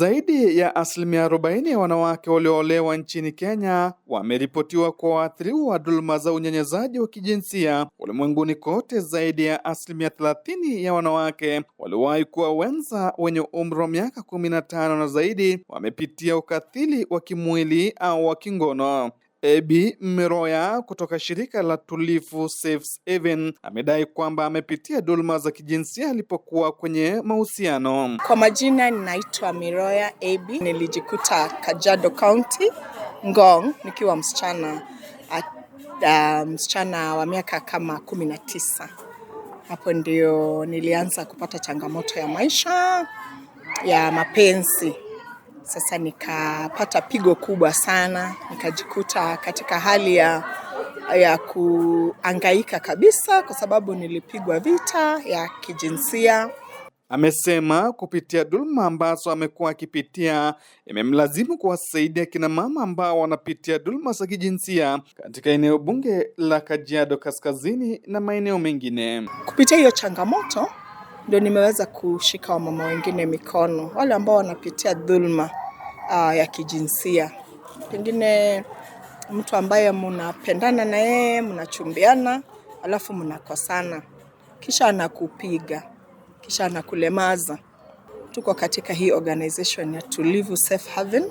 Zaidi ya asilimia 40 ya wanawake walioolewa nchini Kenya wameripotiwa kwa waathiriwa wa dhuluma za unyanyasaji wa kijinsia. Ulimwenguni kote, zaidi ya asilimia 30 ya wanawake waliowahi kuwa wenza wenye umri wa miaka 15 na zaidi wamepitia ukatili wa kimwili au wa kingono. Ebi Meroya kutoka shirika la Tulifu Safe Haven amedai kwamba amepitia dhuluma za kijinsia alipokuwa kwenye mahusiano. Kwa majina ninaitwa Miroya Ebi, nilijikuta kajado County Ngong nikiwa msichana at, uh, msichana wa miaka kama kumi na tisa. Hapo ndio nilianza kupata changamoto ya maisha ya mapenzi sasa nikapata pigo kubwa sana, nikajikuta katika hali ya ya kuangaika kabisa kwa sababu nilipigwa vita ya kijinsia. Amesema kupitia dhuluma ambazo amekuwa akipitia imemlazimu kuwasaidia kina mama ambao wanapitia dhuluma za kijinsia katika eneo bunge la Kajiado Kaskazini na maeneo mengine. Kupitia hiyo changamoto ndio nimeweza kushika wamama wengine mikono, wale ambao wanapitia dhuluma uh, ya kijinsia. Pengine mtu ambaye mnapendana na yeye mnachumbiana, alafu mnakosana, kisha anakupiga, kisha anakulemaza. Tuko katika hii organization ya Tulivu Safe Haven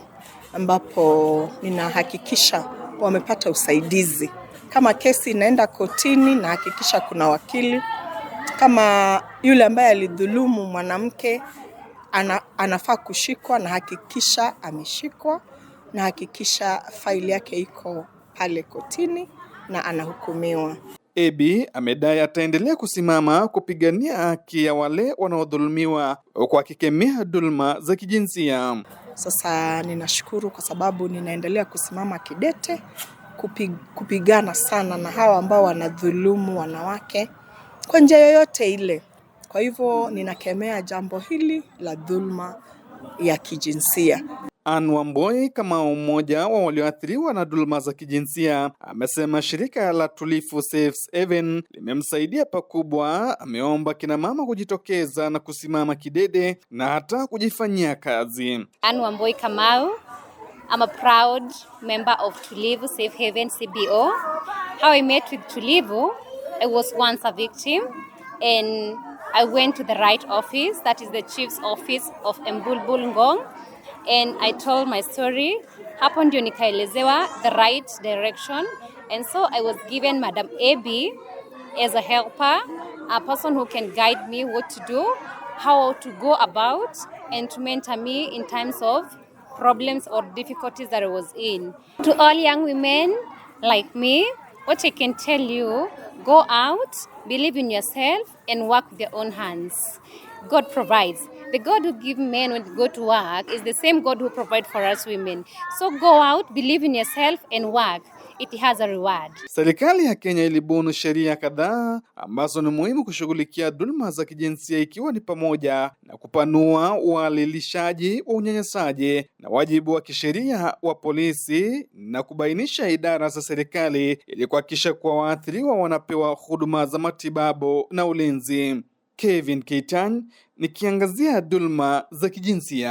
ambapo ninahakikisha wamepata usaidizi. Kama kesi inaenda kotini, nahakikisha kuna wakili. Kama yule ambaye alidhulumu mwanamke ana, anafaa kushikwa na hakikisha ameshikwa na hakikisha faili yake iko pale kotini na anahukumiwa. Ebi amedai ataendelea kusimama kupigania haki ya wale wanaodhulumiwa kwa kikemea dhuluma za kijinsia. Sasa ninashukuru kwa sababu ninaendelea kusimama kidete kupig, kupigana sana na hawa ambao wanadhulumu wanawake kwa njia yoyote ile. Kwa hivyo ninakemea jambo hili la dhulma ya kijinsia. anwa mboi kama mmoja wa walioathiriwa na dhuluma za kijinsia amesema shirika la Tulifu Safe Haven limemsaidia pakubwa. Ameomba kina mama kujitokeza na kusimama kidede na hata kujifanyia kazi. Anne Wambui Kamau, I'm a proud member of Tulivu Safe Haven CBO. How I met with Tulivu, I was once a victim and I went to the right office, that is the chief's office of Mbulbul Ngong, and I told my story. Hapo ndio nikaelezewa the right direction, and so I was given Madam AB as a helper, a person who can guide me what to do, how to go about, and to mentor me in times of problems or difficulties that I was in. To all young women like me, What I can tell you, go out, believe in yourself, and work with your own hands. God provides. The God who gives men when they go to work is the same God who provides for us women. So go out, believe in yourself, and work. it has a reward. Serikali ya Kenya ilibuni sheria kadhaa ambazo ni muhimu kushughulikia dhuluma za kijinsia ikiwa ni pamoja na kupanua ualilishaji wa unyanyasaji na wajibu wa kisheria wa polisi na kubainisha idara za serikali ili kuhakikisha kuwa waathiriwa wanapewa huduma za matibabu na ulinzi. Kevin Keitany nikiangazia dhuluma za kijinsia.